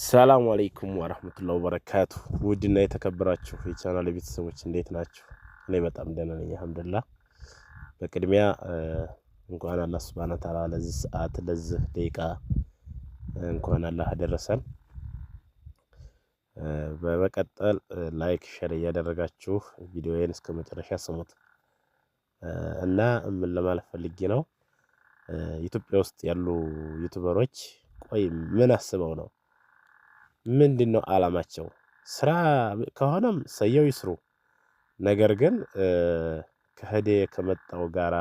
ሰላም አለይኩም ወረህመቱላሂ ወበረካቱ። ውድና የተከበራችሁ የቻናል ቤተሰቦች እንዴት ናችሁ? እኔ በጣም ደህና ነኝ አልሐምዱሊላህ። በቅድሚያ እንኳን አላህ ሱብሃነሁ ወተዓላ ለዚህ ሰዓት ለዚህ ደቂቃ እንኳን አላህ አደረሰን። በመቀጠል ላይክ ሸር እያደረጋችሁ ቪዲዮዬን እስከ መጨረሻ ስሙት እና ምን ለማለት ፈልጌ ነው ኢትዮጵያ ውስጥ ያሉ ዩቱበሮች ቆይ ምን አስበው ነው ምንድን ነው አላማቸው? ስራ ከሆነም ሰየው ይስሩ። ነገር ግን ከህዴ ከመጣው ጋራ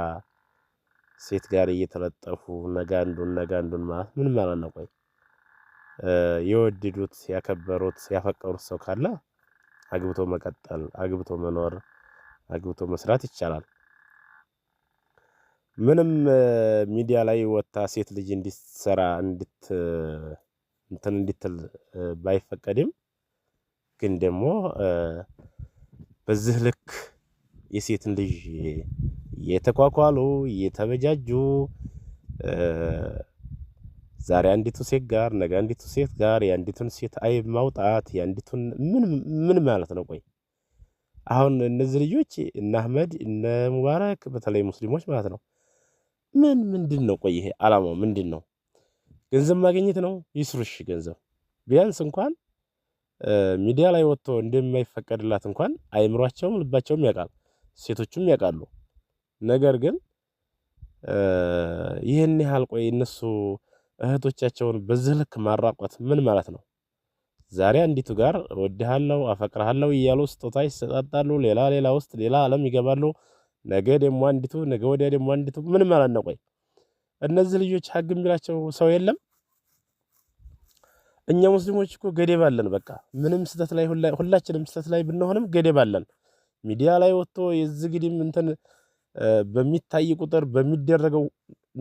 ሴት ጋር እየተለጠፉ ነጋንዱን ነጋንዱን ማለት ምን ማለት ነው? ቆይ የወደዱት ያከበሩት ያፈቀሩት ሰው ካለ አግብቶ መቀጠል አግብቶ መኖር አግብቶ መስራት ይቻላል። ምንም ሚዲያ ላይ ወጥታ ሴት ልጅ እንድትሰራ እንድት እንትን እንድትል ባይፈቀድም ግን ደግሞ በዚህ ልክ የሴትን ልጅ እየተኳኳሉ እየተበጃጁ ዛሬ አንዲቱ ሴት ጋር ነገ አንዲቱ ሴት ጋር የአንዲቱን ሴት አይብ ማውጣት የአንዲቱን ምን ማለት ነው? ቆይ አሁን እነዚህ ልጆች እነ አህመድ እነ ሙባረክ በተለይ ሙስሊሞች ማለት ነው ምን ምንድን ነው? ቆይ ይሄ አላማው ምንድን ነው? ገንዘብ ማግኘት ነው። ይስሩሽ ገንዘብ ቢያንስ እንኳን ሚዲያ ላይ ወጥቶ እንደማይፈቀድላት እንኳን አይምሯቸውም ልባቸውም ያውቃል፣ ሴቶቹም ያውቃሉ። ነገር ግን ይህን ያህል ቆይ እነሱ እህቶቻቸውን በዚህ ልክ ማራቆት ምን ማለት ነው? ዛሬ አንዲቱ ጋር ወድሃለው አፈቅርሃለሁ እያሉ ስጦታ ይሰጣጣሉ። ሌላ ሌላ ውስጥ ሌላ ዓለም ይገባሉ። ነገ ደግሞ አንዲቱ፣ ነገ ወዲያ ደግሞ አንዲቱ ምን ማለት ነው? ቆይ እነዚህ ልጆች ሀግ የሚላቸው ሰው የለም። እኛ ሙስሊሞች እኮ ገደብ አለን። በቃ ምንም ስህተት ላይ ሁላችንም ስህተት ላይ ብንሆንም ገደብ አለን። ሚዲያ ላይ ወጥቶ የዚህ ግዲም እንትን በሚታይ ቁጥር በሚደረገው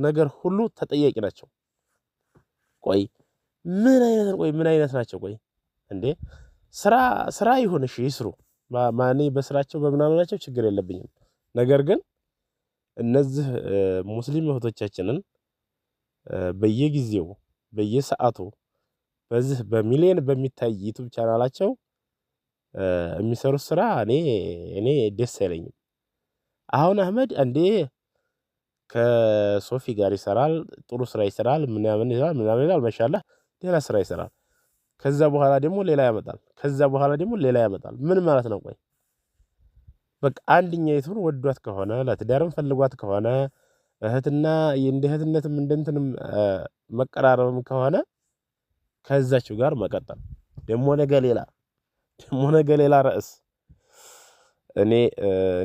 ነገር ሁሉ ተጠያቂ ናቸው። ቆይ ምን አይነት ቆይ ምን አይነት ናቸው? ቆይ እንዴ ስራ ስራ ይሁን እሺ ይስሩ። ማኔ በስራቸው በምናምናቸው ችግር የለብኝም። ነገር ግን እነዚህ ሙስሊም እህቶቻችንን በየጊዜው በየሰዓቱ በዚህ በሚሊዮን በሚታይ ዩቱብ ቻናላቸው የሚሰሩት ስራ እኔ እኔ ደስ አይለኝም። አሁን አህመድ አንዴ ከሶፊ ጋር ይሰራል፣ ጥሩ ስራ ይሰራል፣ ምናምን ይላል፣ ምናምን ይላል፣ መሻላ ሌላ ስራ ይሰራል። ከዛ በኋላ ደግሞ ሌላ ያመጣል። ከዛ በኋላ ደግሞ ሌላ ያመጣል። ምን ማለት ነው? ቆይ በቃ አንድኛ የቱን ወዷት ከሆነ ለትዳርም ፈልጓት ከሆነ እህትና እንደ እህትነትም እንደ እንትንም መቀራረብም ከሆነ ከዛችው ጋር መቀጠል ደሞ ነገ ሌላ ደሞ ነገ ሌላ ርዕስ። እኔ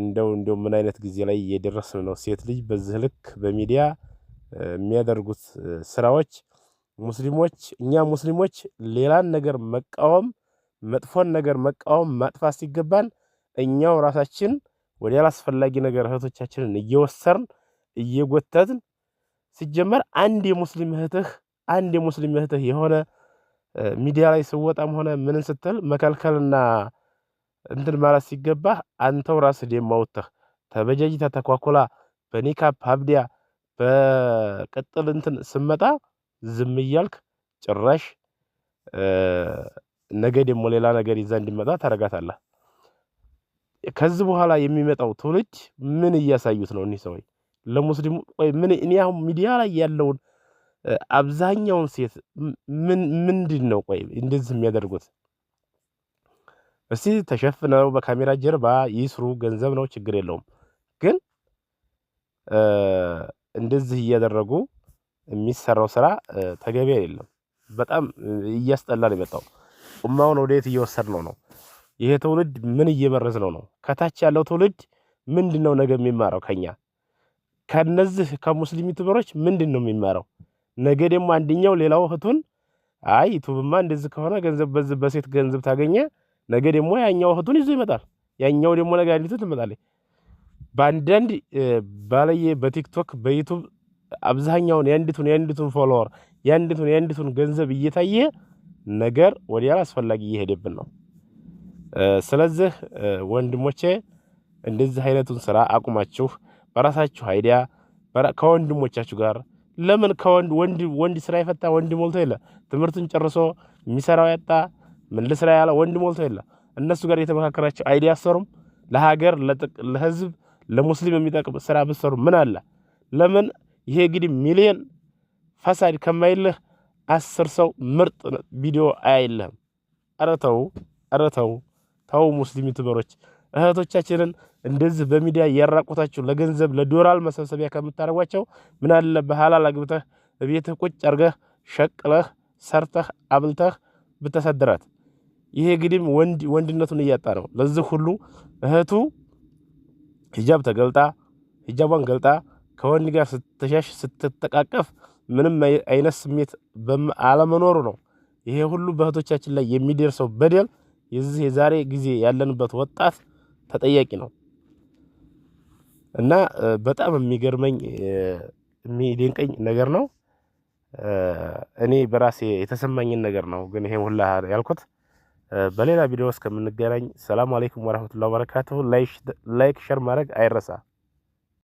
እንደው እንደው ምን አይነት ጊዜ ላይ እየደረስን ነው? ሴት ልጅ በዚህ ልክ በሚዲያ የሚያደርጉት ስራዎች ሙስሊሞች እኛ ሙስሊሞች ሌላን ነገር መቃወም መጥፎን ነገር መቃወም ማጥፋት ሲገባን እኛው ራሳችን ወደ ያላስፈላጊ ነገር እህቶቻችንን እየወሰርን እየጎተትን ሲጀመር አንድ የሙስሊም እህትህ አንድ የሙስሊም እህትህ የሆነ ሚዲያ ላይ ስወጣም ሆነ ምንን ስትል መከልከልና እንትን ማለት ሲገባህ አንተው ራስህ ደማውተህ ተበጃጅታ ተኳኩላ በኒካፕ ሀብዲያ በቅጥል እንትን ስመጣ ዝም እያልክ ጭራሽ ነገ ደግሞ ሌላ ነገር ይዛ እንዲመጣ ታረጋታለህ። ከዚህ በኋላ የሚመጣው ትውልድ ምን እያሳዩት ነው? እኒህ ሰዎች ለሙስሊሙ ወይ ምን እኔ አሁን ሚዲያ ላይ ያለውን አብዛኛውን ሴት ምን ምንድን ነው ቆይ እንደዚህ የሚያደርጉት? እስቲ ተሸፍነው በካሜራ ጀርባ ይስሩ፣ ገንዘብ ነው ችግር የለውም። ግን እንደዚህ እያደረጉ የሚሰራው ስራ ተገቢ አይደለም። በጣም እያስጠላ ነው የመጣው። ኡማውን ወደየት እየወሰድ ነው ነው ይሄ ትውልድ ምን እየበረዝ ነው ነው ከታች ያለው ትውልድ ምንድን ነው ነገ የሚማረው ከኛ ከነዚህ ከሙስሊም ዩቱበሮች ምንድን ነው የሚማረው? ነገ ደግሞ አንደኛው ሌላው እህቱን አይ ዩቱብማ እንደዚህ ከሆነ ገንዘብ በዚህ በሴት ገንዘብ ታገኘ፣ ነገ ደግሞ ያኛው እህቱን ይዞ ይመጣል። ያኛው ደግሞ ነገ ያሊቱ ትመጣለች። በአንዳንድ ባለየ በቲክቶክ በዩቱብ አብዛኛውን የአንዲቱን የአንዲቱን ፎሎወር የአንዲቱን የአንዲቱን ገንዘብ እየታየ ነገር ወዲያ አስፈላጊ እየሄደብን ነው። ስለዚህ ወንድሞቼ እንደዚህ አይነቱን ስራ አቁማችሁ በራሳችሁ አይዲያ ከወንድሞቻችሁ ጋር ለምን ከወንድ ወንድ ወንድ ስራ የፈታ ወንድ ሞልቶ የለ ትምህርቱን ጨርሶ የሚሰራው ያጣ ምን ልስራ ያለ ወንድ ሞልቶ የለ እነሱ ጋር እየተመካከራችሁ አይዲያ ሰሩም ለሀገር፣ ለህዝብ፣ ለሙስሊም የሚጠቅም ስራ ብትሰሩ ምን አለ? ለምን ይሄ እንግዲህ ሚሊየን ፈሳድ ከማይልህ አስር ሰው ምርጥ ቪዲዮ አያይልህም? ኧረ ተው፣ ኧረ ተው። ተው ሙስሊም ዩቱበሮች እህቶቻችንን እንደዚህ በሚዲያ ያራቆታችሁ ለገንዘብ ለዶላር መሰብሰቢያ ከምታደርጓቸው ምን አለ በሐላል አግብተህ ቤትህ ቁጭ አድርገህ ሸቅለህ ሰርተህ አብልተህ ብተሰድራት። ይሄ ግዲም ወንድ ወንድነቱን እያጣ ነው። ለዚህ ሁሉ እህቱ ሂጃብ ተገልጣ ሂጃቧን ገልጣ ከወንድ ጋር ስትሻሽ ስትጠቃቀፍ ምንም አይነት ስሜት አለመኖሩ ነው። ይሄ ሁሉ በእህቶቻችን ላይ የሚደርሰው በደል የዚህ የዛሬ ጊዜ ያለንበት ወጣት ተጠያቂ ነው እና በጣም የሚገርመኝ የሚደንቀኝ ነገር ነው። እኔ በራሴ የተሰማኝን ነገር ነው። ግን ይሄ ሁላ ያልኩት በሌላ ቪዲዮ እስከምንገናኝ ሰላም አለይኩም ወራህመቱላሂ ወበረካቱሁ። ላይክ ሸር ማድረግ አይረሳ።